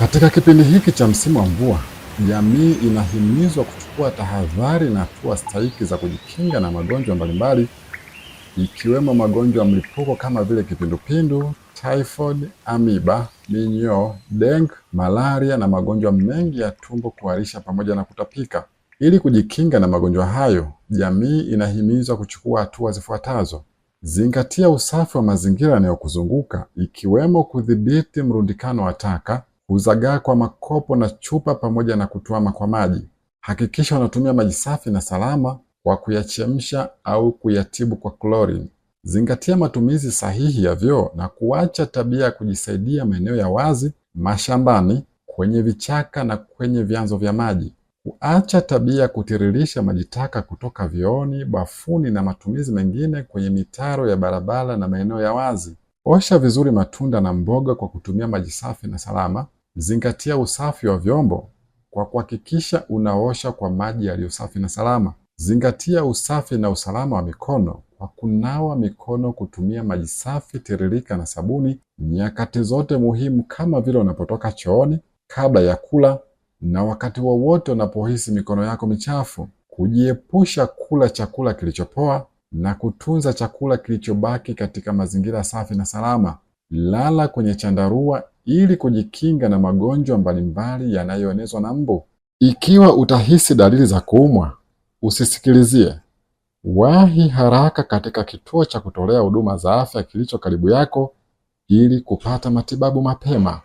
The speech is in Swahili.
Katika kipindi hiki cha msimu wa mvua, jamii inahimizwa kuchukua tahadhari na hatua stahiki za kujikinga na magonjwa mbalimbali ikiwemo magonjwa ya mlipuko kama vile kipindupindu, typhoid, amiba, minyoo, dengue, malaria na magonjwa mengi ya tumbo kuharisha pamoja na kutapika. Ili kujikinga na magonjwa hayo, jamii inahimizwa kuchukua hatua zifuatazo: zingatia usafi wa mazingira yanayokuzunguka ikiwemo kudhibiti mrundikano wa taka Huzagaa kwa makopo na chupa pamoja na kutuama kwa maji. Hakikisha unatumia maji safi na salama kwa kuyachemsha au kuyatibu kwa klorini. Zingatia matumizi sahihi ya vyoo na kuacha tabia ya kujisaidia maeneo ya wazi, mashambani, kwenye vichaka na kwenye vyanzo vya maji. Kuacha tabia ya kutiririsha maji taka kutoka vyooni, bafuni na matumizi mengine kwenye mitaro ya barabara na maeneo ya wazi. Osha vizuri matunda na mboga kwa kutumia maji safi na salama. Zingatia usafi wa vyombo kwa kuhakikisha unaosha kwa maji yaliyo safi na salama. Zingatia usafi na usalama wa mikono kwa kunawa mikono kutumia maji safi tiririka na sabuni nyakati zote muhimu, kama vile unapotoka chooni, kabla ya kula na wakati wowote wa unapohisi mikono yako michafu. Kujiepusha kula chakula kilichopoa na kutunza chakula kilichobaki katika mazingira safi na salama. Lala kwenye chandarua ili kujikinga na magonjwa mbalimbali yanayoenezwa na mbu. Ikiwa utahisi dalili za kuumwa, usisikilizie. Wahi haraka katika kituo cha kutolea huduma za afya kilicho karibu yako ili kupata matibabu mapema.